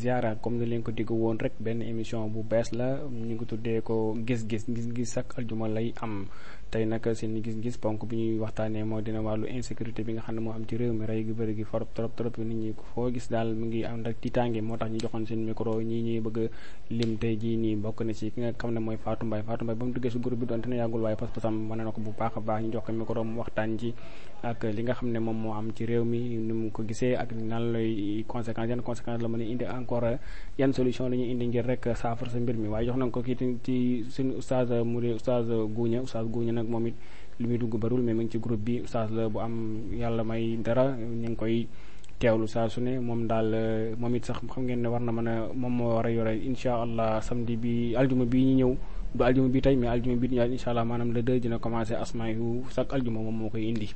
Ziara comme ni leen ko digg woon rek benn émission bu bees la ñu ngi tuddee ko gis-gis gis-gis ak aljuma lay am tey nag seen gis-gis ponk bi ñuy waxtaanee moo dina wàllu insécurité bi nga xam ne moo am ci réew mi rey gi bëri gi forop mu ngi nii bokk na ci ki ne mooy Fatou Mbaye Fatou Mbaye ko a xam ne moom moo am ci réew mi ni mu ko gisee ak nan lay conséquence yan conséquence la mën a indi encore yan solution la ñuy indi ngir rek saafara sa mbir mi waaye jox nañ ko kii ci suñu oustaz mu di oustaz Gougne oustaz Gougne nag moom it li muy dugg barul mais mu ci groupe bi oustaz la bu am yàlla may dara ñu ngi koy teewlu saa su ne moom daal moom it sax xam ngeen ne war na man a moom moo war a yore incha allah samedi bi aljuma bi ñu bi bi ñëwaat incha allah maanaam le moo koy indi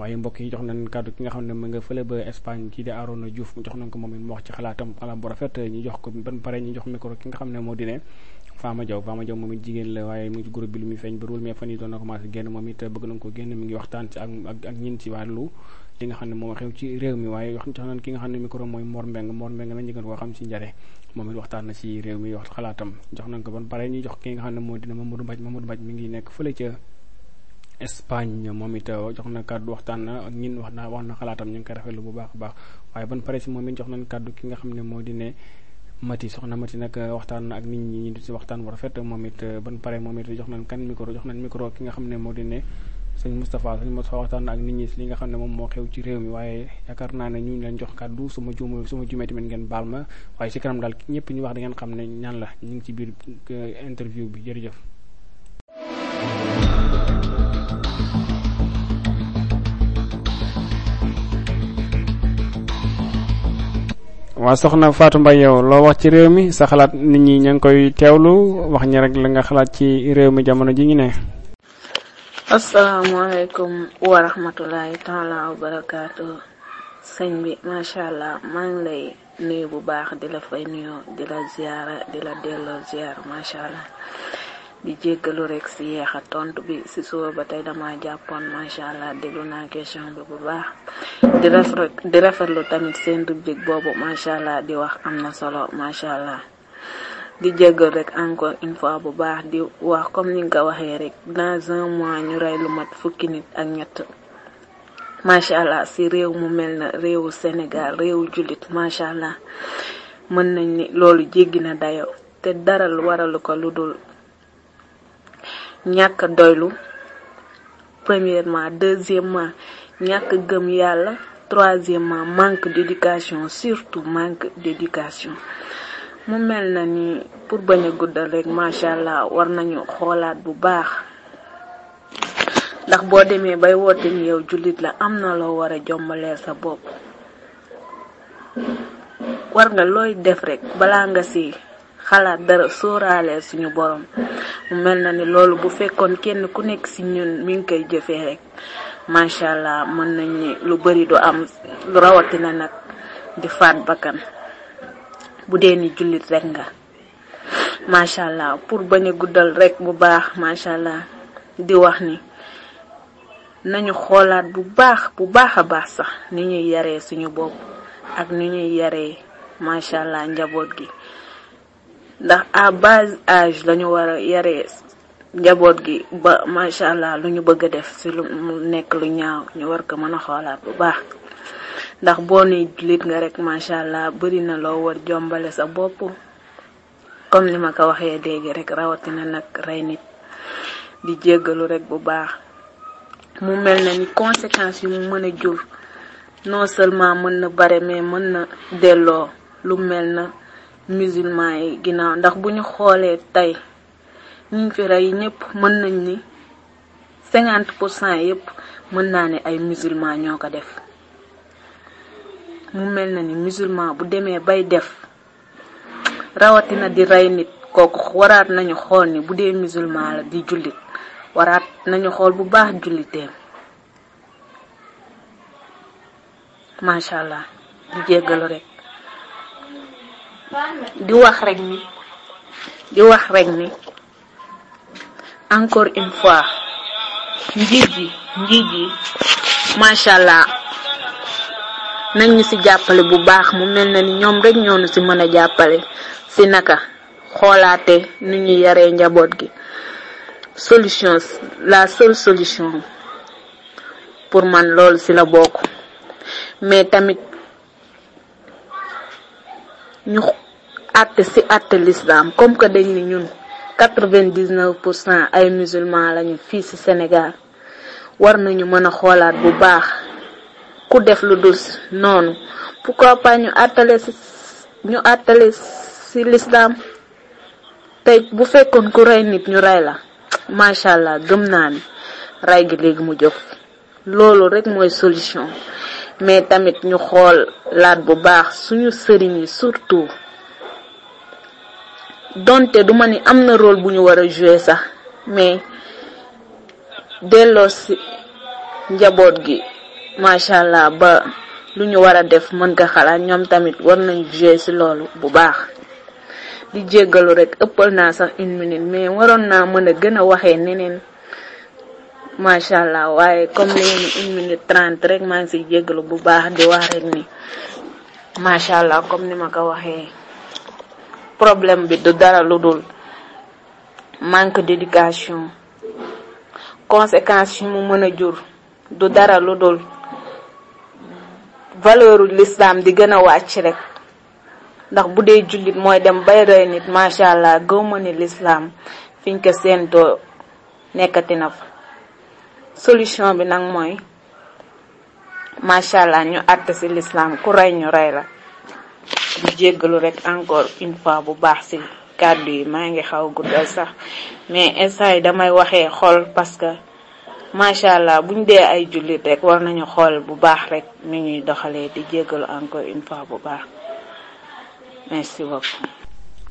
waaye mbokk yi jox nañ kàddu ki nga xam ne mu nga fële ba Espagne kii di Arona Diouf jox nañ ko moom it mu wax ci xalaatam xalaat bu rafet ñu jox ko ki nga xam ne moo di Fama Diaw Fama Diaw moom it jigéen la waaye mu ngi ci groupe bi lu muy feeñ barul mais fan yi doon na commencé génn moom it bëgg nañ ko génn mi ngi waxtaan ci ak moom it waxtaan na ci réew mi wax xalaatam jox nañ ko ban pare ñuy jox ki nga xam ne moom it jox na kàddu waxtaan na ak ñin wax na xalaatam ñu ngi koy rafetlu bu baax a baax waaye ban pare si moom it jox nañ kàddu ki nga xam ne moo di ne mati soxna mati nag euh, waxtaan na ak nit ñi ñu si waxtaan bu rafet moom it euh, ban pare moom it jox nañ kan micro jox nañ micro ki nga xam ne moo di ne sëñ Moustapha sëñ waxtaan ak nit ñi li nga xam ne moom moo xew ci réew mi waaye yaakaar naa ne ñu ngi leen jox kàddu su ma juum su ma juumee tamit ngeen baal ma waaye si kanam daal ñëpp ñu wax da ngeen xam ne ñaan la ñu ngi ci biir euh, interview bi jëf waa soxna faatu Mbaye yow loo wax ci réew mi sa xalaat nit ñi ña ngi koy teewlu wax ñi rek la nga xalaat ci réew mi jamono ji ñu ne. asalaamaaleykum wa rahmatulahi taala wa barakaatu sëñ bi macha allah man ngi lay nuyu bu baax di la fay nuyoo di la ziara delloo ziar macha allah. di jéggalu rek si yeex a tontu bi si suba ba tey dama jàppoon macha allah déglu naa question bi bu baax di rafetlu di rafetlu tamit seen rubrique boobu macha allah di wax am na solo macha allah. di jéggal rek encore une bu baax di wax comme ni nga ko waxee rek dans un mois ñu rey lu mat fukki nit ak ñett macha allah si réew mu mel na réewu Sénégal réewu jullit macha allah mën nañ ni loolu jéggi na dayo te dara waralu ko lu dul ñàkk doylu premièrement deuxièmement ñàkk gëm yàlla troisièmement manque d'éducation surtout manque d'éducation mu mel na ni pour bañ a guddal rek macha allah war nañu xoolaat bu baax ndax boo demee bay woote ni yow jullit la am na loo war a jombalee sa bopp war nga looy def rekk balaa nga si xalaat dara sóoraale suñu borom mu mel na ni loolu bu fekkoon kenn ku nekk ci ñun mi ngi koy jëfee rek macha allah mën nañu lu bari du am rawatina nag di faat bakkan bu dee ni jullit rek nga macha allah pour bañ guddal rek bu baax macha allah di wax ni nañu xoolaat bu baax bu baax a baax sax ni ñuy yaree suñu bopp ak ni ñuy yaree macha allah njaboot gi. ndax à bas âge lañu war a yare njaboot gi ba macha allah lu ñu bëgg a def si lu mu nekk lu ñaaw ñu war ko mën a xoolaat bu baax ndax boo ni jullit nga rek macha allah bëri na loo war jombale sa bopp comme li ma ko waxee léegi rek rawatina nag rey nit di jéggalu rek bu baax mu mel na ni conséquences yu mu mën a jur non seulement mën na bare mais mën na delloo lu mel na musulman yi ginaaw ndax bu ñu xoolee tey ñu fi rey ñëpp mën nañ ni cinquante pour cent yëpp mën naa ni ay musulman ñoo ko def mu mel na ni musulman bu demee bay def rawatina di rey nit kooku waraat nañu xool ni bu dee musulman la di jullit waraat nañu xool bu baax julliteem macha allah di jéggalu rek di wax rek ni di wax rek ni encore une fois njiit yi njiit yi macha allah nañ ñu ci jàppale bu baax mu mel na ni ñoom rek ñoo ñu ci mën a jàppale ci naka xoolaate nu ñu yaree njaboot gi solution la seule solution pour man loolu ci la bokk mais tamit. ñu àtte si àtte l'islam comme que dañ ni ñun quatre-vingt-dix-neuf pour cent ay musulman lañu fii ci Sénégal war nañu mën a xoolaat bu baax ku def lu dul noonu pourquoi pas ñu àttale si ñu àttale si l'islam tey bu fekkoon ku rey nit ñu rey la macha allah gëm naa ni rey gi léegi mu jóg loolu rek mooy solution mais tamit ñu xool laat bu baax suñu sëriñ yi surtout donte du ma ni am na rôle bu ñu war a jouer sax mais delloo si njaboot gi macha allah ba lu ñu war a def mën ka xalaat ñoom tamit war nañ jouer si loolu bu baax. di jéggalu rek ëppal naa sax une minute mais waroon naa mën a gën a waxee neneen. macha allah waaye comme léegi minute trente rek maa ngi siy jégalu bu baax di wax rek ni macha allah comme ni ma ko waxee problème bi du dara lu dul manque d'éducation conséquences yi mu mën a jur du dara lu dul valeur l'islam di gën a wàcc rek ndax bu dee jullit mooy dem bay rey nit macha allah gëw ma ni l'islam fiñ ko séentoo nekkati na fa. solution bi nag mooy macha allah ñu àtte ci l'islam ku rey ñu rey la di jéggalu rek encore une fois bu baax si kàddu yi maa ngi xaw guddal sax mais instant yi damay waxee xool parce que macha allah buñ dee ay jullit rek war nañu xool bu baax rek ni ñuy doxalee di jéggalu encore une fois bu baax merci beaucoup.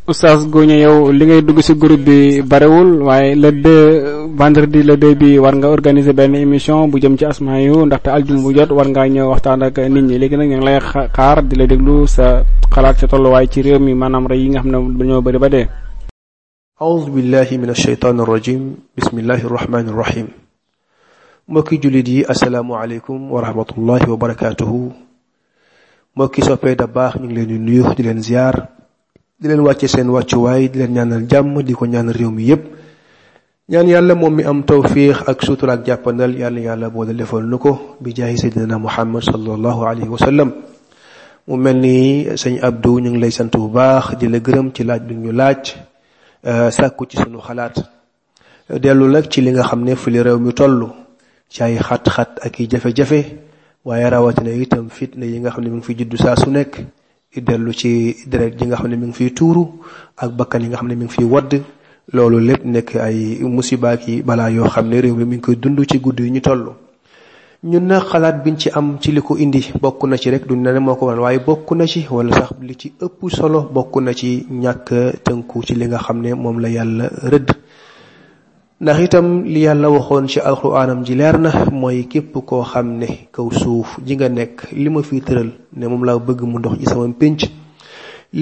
oustaz Gougne yow li ngay dugg ci groupe bi barewul waaye la deux vendredi la deux bi war nga organiser benn émission bu jëm ci asmaa yu ndaxte aljuma bu jot war ngaa ñëw waxtaan ak nit ñi léegi nag ñu ngi lay xaar di la déglu sa xalaat sa tolluwaay ci réew mi maanaam rey yi nga xam ne dañoo bari ba dee. a'udhu billahi minash shaytanir rajim bismillahir rahmanir rahim. mbokki jullit yi asalaamu aleykum wa rahmatullahi wa barakaatuhu. soppee da baax ñu ngi leen di leen ziar. di leen wàcce seen wàccuwaay di leen ñaanal jàmm di ko ñaanal réew mi yépp ñaan yàlla moom mi am tawfiix ak sutura ak jàppandal yàlla yàlla boole defal nu ko bi jaahi sayyidina muhammad sallallahu alayhi wa sallam mu mel ni sëñ Abdou ñu ngi lay sant bu baax di la gërëm ci laaj bi ñu laaj euh, sàkku ci suñu xalaat dellu nag ci li nga xam ne fi li réew mi toll ci ay xat-xat ak i jafe-jafe waaye rawatina itam fitna yi nga xam ne mu ngi fi juddu saa su nekk dellu ci deret ji nga xam ne mu ngi fi tuuru ak bakkan yi nga xam ne mu ngi fi wadd loolu lépp nekk ay musibaak yi balaa yoo xam ne réew mi mi ngi koy dund ci gudd yu ñu toll ñun nag xalaat biñ ci am ci li ko indi bokk na ci rek duñ ne moo ko waral waaye bokk na ci wala sax li ci ëpp solo bokk na ci ñàkk tënku ci li nga xam ne moom la yàlla rëdd ndax itam li yàlla waxoon ci alxuraanam ji leer na mooy képp koo xam ne kaw suuf ji nga nekk li ma fi tëral ne moom laa bëgg mu ndox ci sama pénc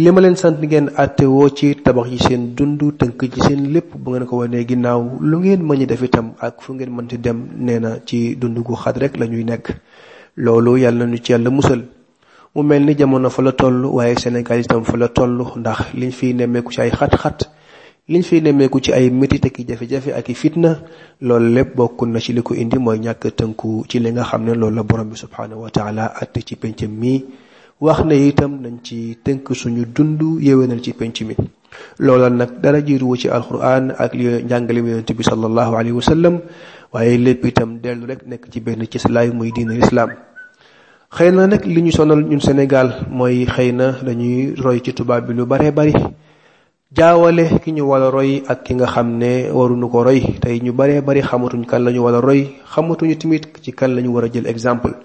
li ma leen sant ngeen àttewoo ci tabax yi seen dund tënk ci seen lépp bu ngeen ko wanee ginnaaw lu ngeen mën a def itam ak fu ngeen mënti dem nee na ci dund gu xat rek la ñuy nekk loolu yàlla nu ci yàlla musal mu mel ni jamono fa la toll waaye Sénégal itam fa la toll ndax liñ fiy nemmeeku ci ay xat liñ fiy nemmeeku ci ay métit ak i jafe-jafe ak i fitna lool lépp bokk na ci li ko indi mooy ñàkk tënku ci li nga xam ne loolu la borom bi subhaanahu wa taala atte ci penc mi wax ne itam nañ ci tënk suñu dund yéwénal ci penc mi loola nag dara jiiruwu ci alquran ak li njàngale mi yonent bi sallallahu alayhi waaye lépp itam dellu rek nekk ci benn ci salaay muy diine lislaam xëy na nag li ñu sonal ñun Sénégal mooy xëy na lañuy roy ci tubaab bi lu baree bari jaawale ki ñu wala roy ak ki nga xam ne waruñu ko roy tey ñu baree bari xamatuñ kan lañu ñu roy xamatuñu tamit ci kan lañu ñu war a jël exemple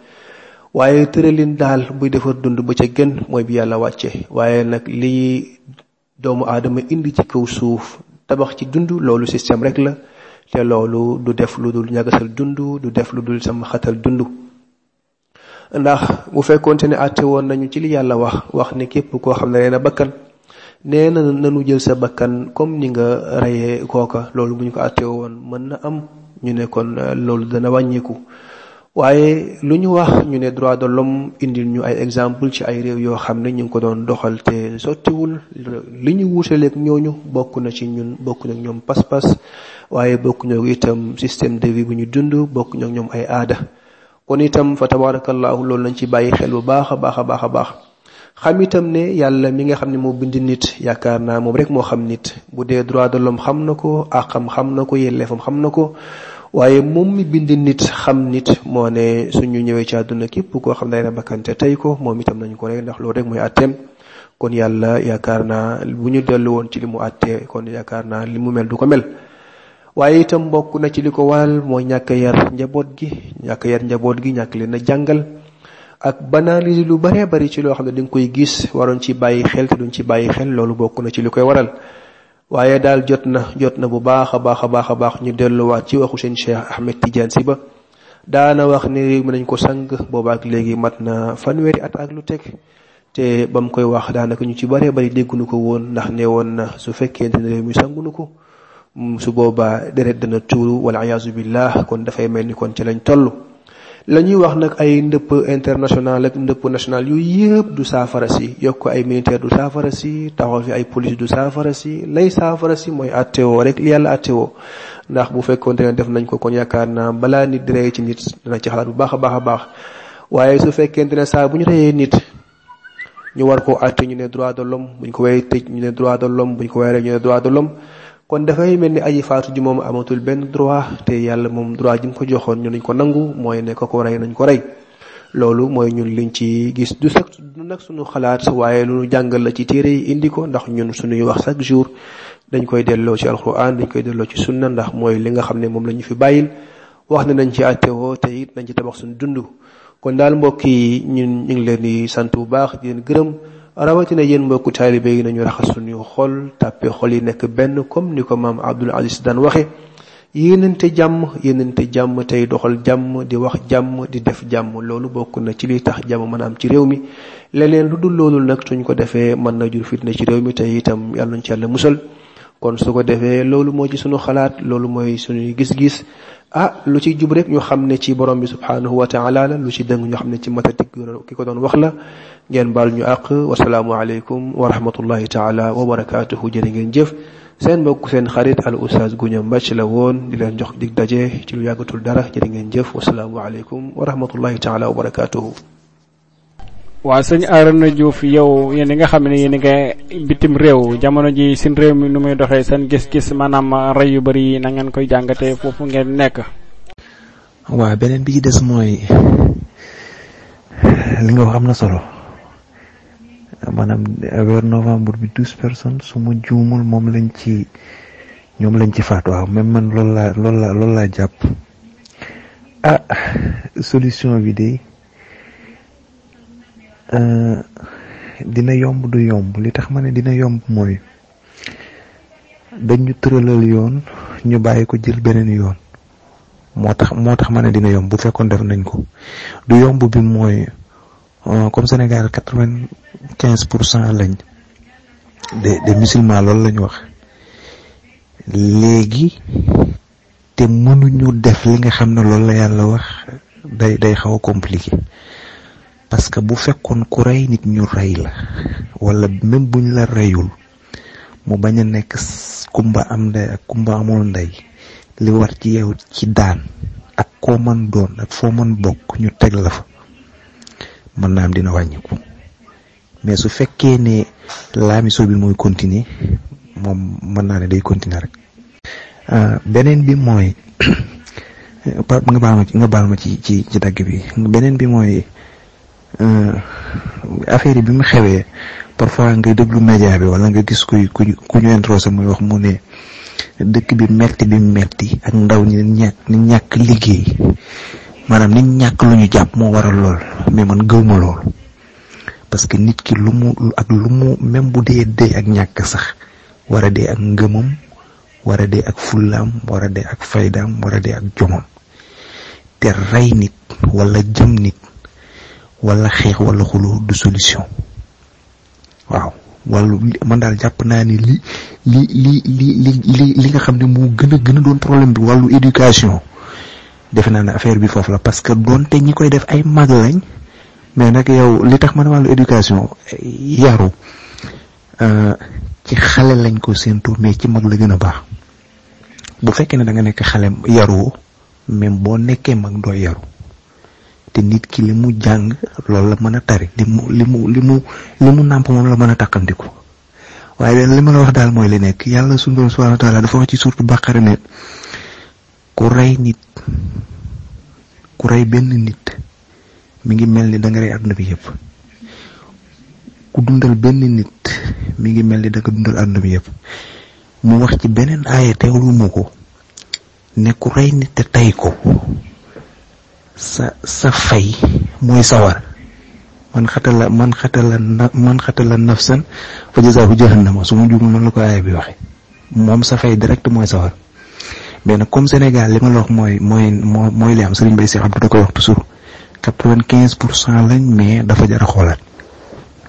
waaye tëralin daal buy defar dund ba ca gën mooy bi yàlla wàcce waaye nag li doomu aadama indi ci kaw suuf tabax ci dund loolu système rek la te loolu du def lu dul ñagasal dund du def lu dul sama xatal dund ndax bu fekkoonte ne àtte woon nañu ci li yàlla wax wax ni képp koo xam ne leen a bakkan nee na nanu jël sa bakkan comme ni nga reyee kooka loolu bu ñu ko àttee woon mën na am ñu ne kon euh, loolu dana wàññiku waaye lu ñu wax ñu ne droit de l'homme indil ñu ay exemple ci ay réew yoo xam ne ñu ngi ko doon doxal te sottiwul li ñu wuutaleeg ñooñu bokk na ci ñun bokk na ñoom pas-pas waaye bokk ñoo itam système de vie bu ñu dund bokk ñoo ñoom ay aada kon itam fa tabarakallahu loolu lañ ci bàyyi xel bu baax a baax a baax a baax xam itam ne yàlla mi nga xam ne moo bind nit yaakaar naa moom rek moo xam nit bu dee droit de l'homme xam na ko àqam xam na ko yelleefam xam na ko waaye moom mi bind nit xam nit moo ne suñu ñëwee ci àdduna képp koo xam ne day bakkante tey ko moom itam nañu ko rek ndax loolu rek mooy àtteem kon yàlla yaakaar naa bu ñu dellu woon ci li mu àttee kon yaakaar naa li mu mel du ko mel waaye itam mbokk na ci li ko wal mooy ñàkk yar njaboot gi ñàkk yar njaboot gi ñàkk leen a jàngal ak banaliser lu baree bari ci loo xam ne dañ koy gis waroon ci bàyyi xel te duñ ci bàyyi xel loolu bokk na ci li koy waral waaye daal jot na jot na bu baax a baax a baax a baax ñu delluwaat ci waxu seen Cheikh Ahmed Tidiane si ba daana wax ni réew mi nañ ko sang booba ak léegi mat na fanweeri at ak lu teg te ba mu koy wax daanaka ñu ci baree bari déggunu ko woon ndax ne woon na su fekkee ne réew mi sangunu ko su boobaa deret dana tuuru wala ayaasu billah kon dafay mel ni kon ci lañ toll la ñuy wax nag ay ndëpp international ak ndëpp nationale yu yëpp du saafara si yokk ay militaire du saafara si taxaw fi ay police du saafara si lay saafara si mooy attewoo rek li yàlla attewoo ndax bu fekkoonte ne def nañ ko kon yaakaar naa balaa nit di rey ci nit dana ci xalaat bu baax a baax a baax waaye su fekkente ne saa bu ñu reyee nit ñu war koo atte ñu ne droit de l'homme bu ñu ko wayee tëj ñu ne droit de l'homme bu ñu ko wayee rek ñu ne droit kon dafay mel ni aji faatu ji moom amatul benn droit te yàlla moom droit ji mu ko joxoon ñu nañ ko nangu mooy nekk ko rey nañ ko rey loolu mooy ñun liñ ci gis du sax du nag suñu xalaat waaye lu jàngal la ci téere yi indi ko ndax ñun suñuy wax chaque jour dañ koy delloo ci alquran dañ koy delloo ci sunna ndax mooy li nga xam ne moom la ñu fi bàyyil wax ne nañ ci àttewoo te it nañ ci tabax suñu dund kon daal mbokk yi ñun ñu ngi leen di sant bu baax di leen gërëm rawatina yéen mbokku taalibe yi nañu raxas suñu xol tàppe xol yi nekk benn comme ni ko maam Abdul Aziz daan waxe yéenante jàmm yéenante jàmm tey doxal jàmm di wax jàmm di def jàmm loolu bokk na ci li tax jàmm mën am ci réew mi leneen lu dul loolu nag suñ ko defee mën na jur fitna ci réew mi tey itam yàlla nañ ci yàlla musal kon su ko defee loolu moo ci sunu xalaat loolu mooy suñuy gis-gis ah lu ci jub rek ñu xam ne ci borom bi subhanahu wa taala la lu ci dëng ñu xam ne ci matatik ki ko doon wax la ngeen baal ñu àq wasalaamu aleykum wa rahmatullahi taala wa barakaatuhu jërë ngeen jëf seen mbokk seen xarit al ustaz Gounia Mbacke la woon di leen jox dig daje ci lu yàggatul dara jërë ngeen jëf wasalaamu aleykum wa rahmatullahi taala wa barakaatuhu waaw sëñ Arona Diouf yow yéen nga xam ne yéen nga bitim réew jamono ji seen réew mi nu muy doxee seen gis-gis maanaam rey yu bari yi na ngeen koy jàngatee foofu ngeen nekk. waaw beneen bi ci des mooy li nga wax na solo maanaam weer novembre bi douze personnes su ma juumul moom lañ ci ñoom lañ ci faat waaw même man loolu laa loolu laa jàpp ah solution bi de. Euh, dina yomb du yomb li tax ma ne dina yomb mooy dañu tëralal yoon ñu bàyyi ko jël beneen yoon moo tax moo tax ma ne dina yomb bu fekkoon def nañ ko du yomb bi mooy euh, comme Sénégal quatre vingt quinze pour cent lañ de de musulman loolu lañu wax léegi te mënuñu def li nga xam ne loolu la yàlla wax day day xaw a compliqué parce que bu fekkoon ku rey nit ñu rey la wala même buñ la reyul mu bañ a nekk kumba am ndey ak kumba amul ndey li war ci yow ci daan ak koo mën doon ak foo mën bokk ñu teg la fa mën naa am dina wàññiku mais su fekkee ne laamiso bi mooy continuer moom mën naa ne day continuer rek. Euh, beneen bi mooy nga baal ma ci nga baal ma ci ci ci dagg bi beneen bi mooy. Euh, affaire yi bi mu xewee parfois ngay déglu média bi wala nga gis kuy ku ñu introsé muy wax mu ne dëkk bi metti bi metti ak ndaw ñi ñàkk liggéey maanaam ni ñàkk lu ñu jàpp moo waral lool mais man gëwma lool parce que nit ki lu mu ak lu mu même bu dee dee ak ñàkk sax war a dee ak ngëmam war a dee ak fullaam war a ak faydaam war a ak jomam te rey nit wala jëm nit wala xeex wala xuloo du solution waaw wala man daal jàpp naa ni li li li li li nga xam ne moo gën a gën a doon problème bi wàllu éducation defe naa ne affaire bi foofu la parce que te ñi koy def ay mag lañ mais nag yow li tax man wàllu éducation yaru euh, ci xale lañ ko séentu mais ci mag la gën a baax bu fekkee ne da nga nekk xale yaru même boo nekkee mag doo yaru te nit ki li mu jàng loolu la mën a tari li mu li mu li mu li mu nàmp la mën a takkandiku waaye li ma la wax daal mooy li nekk yàlla suñu borom subhanahu wa taala dafa wax ci surtu Baqara ne ku rey nit ku rey benn nit mi ngi mel ni da nga rey ku dundal nit mi ngi mel ni da nga dundal àdduna bi yëpp mu wax ci beneen aaya teewlu ma ko ne ku rey nit te tay ko sa sa fay mooy sawar man xatala man xatala na man xatala nafsan fa jazaahu jahannama su ma jug noonu la ko aaya bi waxe moom sa fay direct mooy sawar mais na comme Sénégal li ma la wax mooy mooy moo mooy li am Serigne Mbaye Sy Abdou da koy wax toujours quatre-vingt-quinze pour cent lañ mais dafa jar xoolaat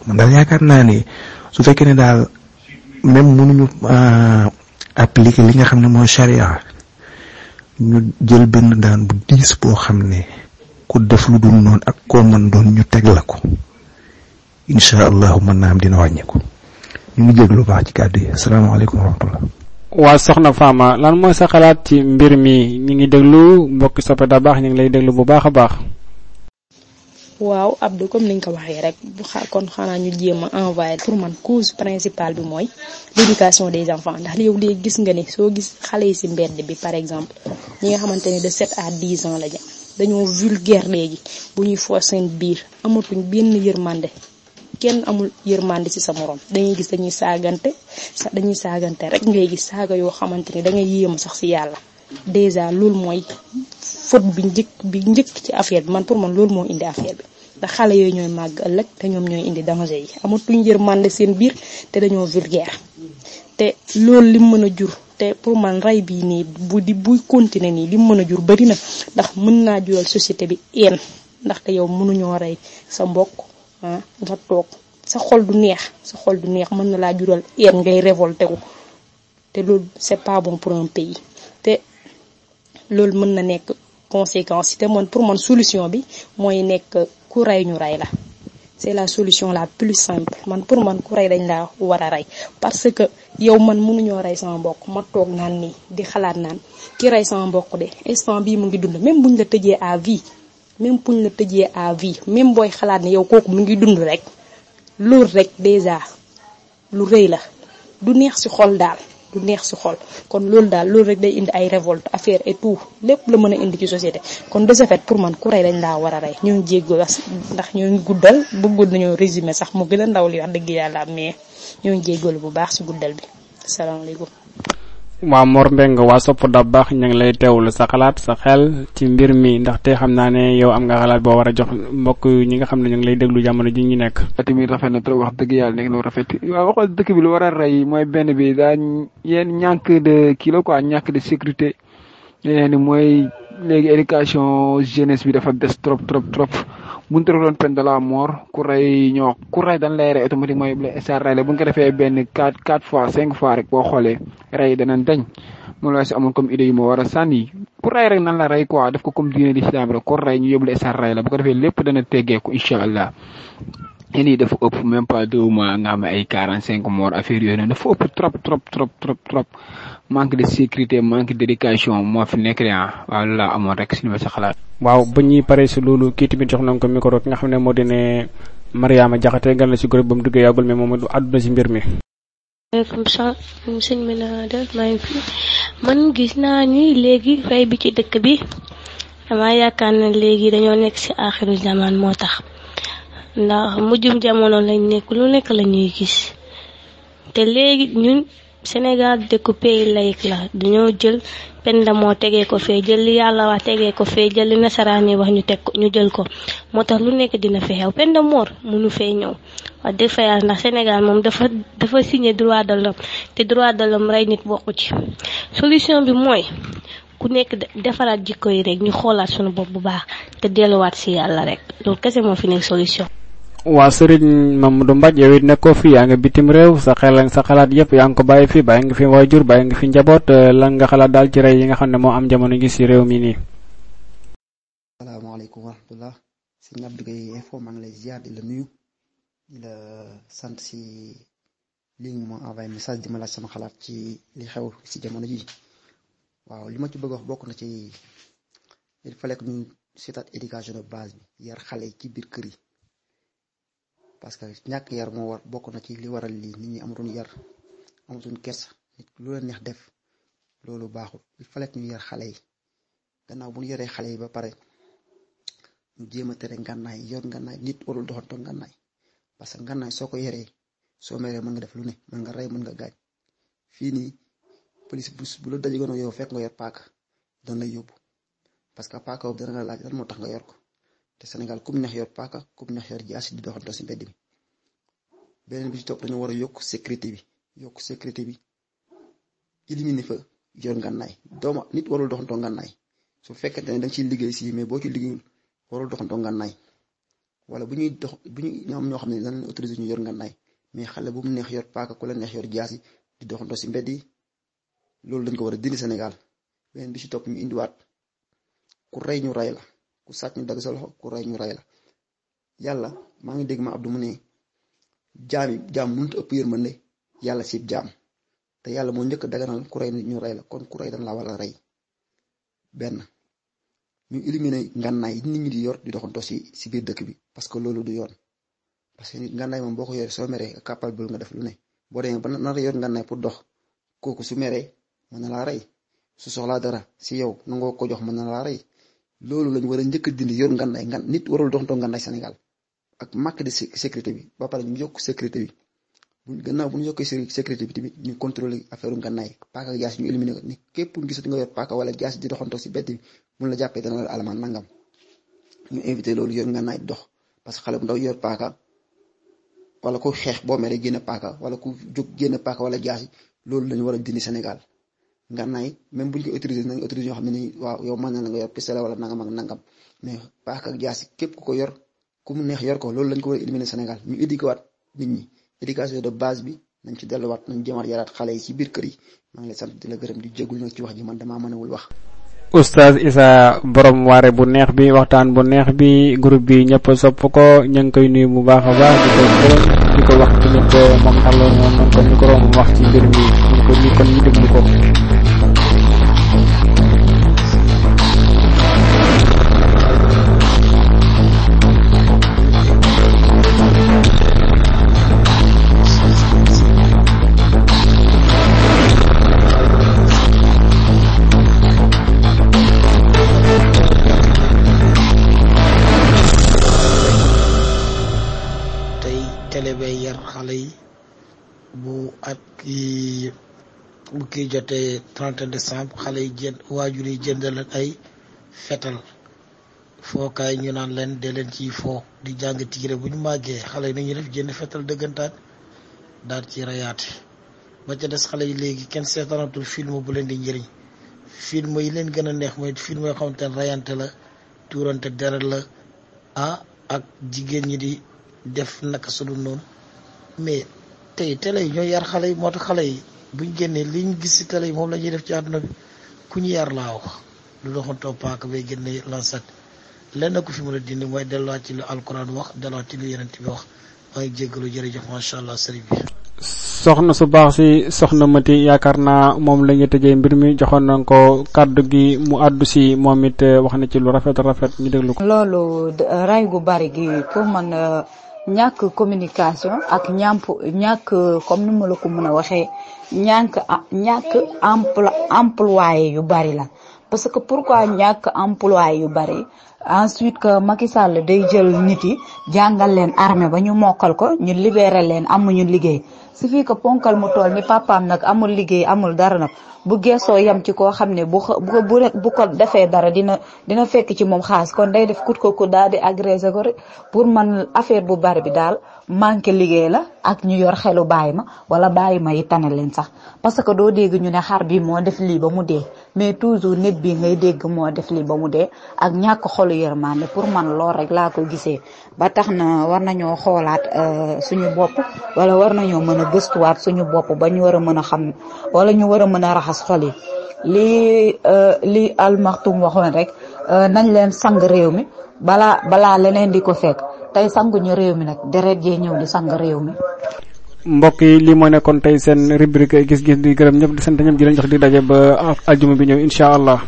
daal yaakaar naa ne su fekkee ne daal même mënuñu euh, appliquer li nga xam ne mooy charia ñu jël benn daan bu diis boo xam ne ku def lu dul noonu ak ko mën doon ñu teg la ko incha allahu mën naa am dina wàññeeku ñu ngi jéglu baax ci kàddu yi asalaamaaleykum wa rahmatullah waa soxna Fama lan mooy sa xalaat ci mbir mi ñu ngi déglu mbokki soppe da baax ñu ngi lay déglu bu baax a baax waaw ab Abdou comme niñ ko waxee rek bu xa kon xanaa ñu jéem envoyé pour man cause principale bi mooy l'éducation des enfants ndax yow léegi gis nga ni soo gis xale yi ci mbedd bi par exemple ñi nga xamante ne de 7 à 10 ans la ñu dañoo vulgaire léegi bu ñuy foo seen biir amatuñ benn yërmande kenn amul yërmande ci sa morom dañuy gis dañuy saagante sa dañuy saagante rek ngay gis saaga yoo xamante ni da ngay yéemu sax ci yàlla déjà loolu mooy faute bi njëkk bi njëkk ci affaire bi man pour loolu moo indi affaire bi. ndax xale yooyu ñooy màgg ëllëg te ñoom ñooy indi danger yi amatuñ yërmande seen biir te dañoo vulgaire te loolu lim mën a jur te pour man rey bii nii bu di buy continuer nii lim mën a jur bari na ndax mën naa jural société bi een ndaxte yow mënuñoo rey sa mbokk ah nga toog sa xol du neex sa xol du neex mën na laa jural een ngay révolté wu te loolu c'est pas bon pour un pays te loolu mën na nekk conséquence te man pour man solution bi mooy nekk ku rey ñu rey la c'est la solution la plus simple man pour man ku rey dañ laa war a rey parce que yow man mënuñoo rey sama mbokk ma toog naan nii di xalaat naan ki rey sama mbokk de instant bii mu ngi dund bu buñ la tëjee à vie même ñu la tëjee à vie même booy xalaat ni yow kooku mu ngi dund rek loolu rek déjà lu rëy la du neex ci xol daal lu neex si xol kon loolu daal loolu rek day indi ay révolte affaire et tout lépp la mën a indi ci société kon de ce fait pour man ku rey dañ laa war a rey ñoo ngi ndax ñoo guddal bëggoon nañoo résumé sax mu gën a ndaw li wax dëgg yàlla am mais ñoo ngi jéggalu bu baax si guddal bi salaamaaleykum waa Mor Mbeng waa sopp da baax ñu ngi lay la sa xalaat sa xel ci mbir mi ndaxte xam naa ne yow am nga xalaat boo war a jox mbokk ñi nga xam ne ñu ngi lay déglu jamono ji ñu nekk. tamit rafet na trop wax dëgg yàlla nekk na rafet waaw waxoon dëkk bi lu war a rey mooy benn bi daa yéen ñàkk de kii la quoi ñàkk de sécurité yeneen mooy léegi éducation jeunesse bi dafa des trop trop trop mënut a doon peine de ku rey ñoo ku rey dañ lay rey automatiquement yëpp la SR la bu ñu ko defee benn quatre quatre fois cinq fois rek boo xoolee rey danañ dañ moom laa si amoon comme idée yu ma war a sànni ku rey rek nan la rey quoi def ko comme diine l'islam rek ku rey ñu yóbbu la SR rey la bu ko defee lépp dana teggeeku incha allah. yéen yi dafa ëpp même pas deux mois nga xam ay quarante cinq morts affaire yooyu noonu dafa ëpp trop trop trop trop. manque de sécurité manque d'éducation moo fi nekk de ah sa xalaat. waaw ba ñuy paree si loolu kii tamit jox nañ ne moo di ne Mariama Jaxate gal na si groupe ba mu duggee yàggul mais moom du àdduna si mbir mi. maaleykum salaam sëñ man gis naa ni léegi fay bi ci dëkk bi damaa yaakaar na léegi dañoo nekk si aaxiru zaman moo tax ndax mujjum jamono lañ nekk lu nekk la ñuy gis te léegi ñun. Sénégal dëkku pays laïque la dañoo jël pen moo tegee ko fee jël li yàlla wax tegee ko fee jël li nasaraan yi wax ñu teg ko ñu jël ko moo tax lu nekk dina fi xew pen mu mort mënu fee ñëw wax dëgg ndax Sénégal moom dafa dafa signé droit de l'homme te droit de l'homme rey nit bokku ci solution bi mooy ku nekk defaraat jikko yi rek ñu xoolaat suñu bopp bu baax te delluwaat si yàlla rek loolu kese moo fi nekk solution. waa sëriñ Mamadou Mbaj yow it nekkoo fi yaa ngi bitim réew sa xel sa xalaat yëpp yaa ngi ko bàyyi fi bàyyi nga fi waajur bàyyi nga fi njaboot euh, lan nga daal ci rey nga xam ne moo am jamono gi si réew mi nii. asalaamaaleykum wa rahmatulah sëñ Abdou la nuyu di si li nga message di ma laaj sama xalaat ci li xew si jamono ji waaw li ma ci bëgg wax bokk na ci il fallait que ñu seetaat éducation de base bi yar xale ci biir kër yi. parce que ñàkk yar moo war bokk na ci li waral lii nit ñi amatuñ yar amatuñ kersa nit lu la neex def loolu baaxul il fallait ñu yar xale yi gannaaw bu ñu yaree xale yi ba pare ñu jéem a tere ngànnaay yor ngànnaay nit warul doxantoo ngànnaay parce que ngànnaay soo ko yoree soo meree mën nga def lu ne mën nga rey mën nga gaañ fii nii police bu bu la dajegoon yow fekk nga yor paaka dana la parce que paaka boobu dana la laaj lan moo tax nga yor ko. te Sénégal kum neex yor paaka kum neex yor jaasi di doxantoo si mbedd beneen bi ci topp dañu war a yokk sécurité bi yokk sécurité bi éliminer fa yor ngànnaay dooma nit warul doxantoo ngànnaay su fekkente ne da ciy liggéey si mais boo ci liggéeyul warul doxantoo ngànnaay wala bu ñuy dox bu ñuy ñoom ñoo xam ne danañ ñu yor ngànnaay mais xale bu neex yor paaka ku la neex yor jaasi di doxantoo si mbedd yi loolu dañ ko war a dindi Sénégal beneen bi ci topp ñu indiwaat ku rey ñu rey la. ku sàcc ñu dagg sa loxo ku rey ñu rey la yàlla maa ngi dégg ma Abdou mu ne jaam yi jaam mënut a ëpp yërmande yàlla si jaam te yàlla moo njëkk a daganal ñu rey la kon ku rey la war rey benn ñu éliminé ngànnaay yi nit ñi di yor di doxantoo si si biir dëkk bi parce que loolu du yoon parce que ngànnaay boo ko yoree soo meree capable nga def lu ne boo demee ba nar a pour dox kooku su meree mën na laa rey su soxlaa dara si yow nangoo ko jox mën na laa rey loolu lañ war a njëkk a dindi yor ngannaay ngan nit warul doxantoo ngannaay Sénégal ak manque de sécurité bi ba pare ñu yokk sécurité bi buñ gannaaw bu ñu yokkee sécurité bi tamit ñu contrôler affaire ngannaay paaka ak jaas ñu éliminer ko ni képp ku gisatu nga yor paaka wala jaas di doxantoo si bedd bi mun ñu invité loolu yor ngannaay dox parce que xale bu yor paaka wala ku xeex boo meree génn paaka wala ku jóg génn paaka wala jaas loolu lañu war a dindi Sénégal ngànnaay même buñ ko autorisé nañ autorisé ne nii waaw yow mën na la nga yor pistolet wala nangam ak nangam mais paaka ak jaasi képp ku ko yor ku mu neex yor ko loolu lañ ko war a éliminer Sénégal ñu éduqué waat nit ñi éducation de base bi nañ ci delluwaat nañ jëmaat yaraat xale yi ci biir kër yi maa ngi lay sant di la di jégul nag ci wax ji man damaa mënewul wax oustaz Issa borom waare bu neex bi waxtaan bu neex bi groupe bi ñëpp sopp ko ñu ngi koy nuyu bu baax a baax di ko gërëm di ko wax ci nit ko moom xalo moom ko micro moom wax ci mbir mi loolu kon ñu déglu ko bu kii jotee 30 décembre xale yi jënd waajur yi jënd leen ay fetal fookaay ñu naan leen dee leen ciy foo di jàng tiire bu ñu màggee xale yi nañu def jënd fetal dëggantaan daal ci yi ma ca des xale yi léegi kenn seetaanatul film bu leen di njëriñ film yi leen gën a neex mooy film yoo xamante ne rayante la tuurante deret la ah ak jigéen ñi di def naka su noonu mais tey télé yi ñoo yar xale yi moo tax xale yi buñ génnee liñ gis si télé yi moom la ñuy def ci àdduna bi ku ñu yar laa wax lu doxoon toppaaka bay génne lansat lenn ku fi mën a dindi mooy delluwaat ci lu alquran wax delluwaat ci lu yenent bi wax maa ngi jéggalu jërëjëf macha allah sëriñ bi soxna su baax si soxna mati yaakaar naa moom la ñu tëjee mbir mi joxoon nañ ko kàddu gi mu àddu si moom it eh, wax na ci lu rafet rafet ñu déglu ko. loolu ray gu bari gi pour man. Eh, ñàkk communication ak ñàmp ñàkk comme ni ma la ko mën a waxee ñàkk ñàkk empl employé yu bari la parce que pourquoi ñàkk employé yu bari ensuite que Macky Sall day jël nit yi jàngal leen armée ba ñu mokal ko ñu libéré leen amuñu liggéey su fii que ponkal mu tool ni papaam nag amul liggéey amul dara nag bu geesoo yam ci koo xam ne bu bu bu ko defee dara dina dina fekk ci moom xaas kon day def kut ko kut daal di agressé ko rek pour man affaire bu bari bi daal manqué liggéey la ak ñu yor xelu bàyyi ma wala bàyyi ma yi tane leen sax parce que doo dégg ñu ne xar bi moo def lii ba mu dee mais toujours nit bi ngay dégg moo def lii ba mu dee ak ñàkk xolu yërmande pour man lool rek laa ko gisee ba tax na war nañoo xoolaat euh, suñu bopp wala war nañoo mën a gëstuwaat suñu bopp ba ñu war a mën a xam wala ñu war a mën a raxas xol yi lii euh, lii almaxtum waxoon rek euh, nañ leen sang réew mi balaa balaa leneen di ko fekk tey ñu réew mi nag deret jee ñëw di sang réew mi. mbokk yi lii moo nekkoon tey seen rubrique gis-gis di gërëm ñëpp di sant ñëpp di leen jox di daje ba aljuma bi ñëw incha allah.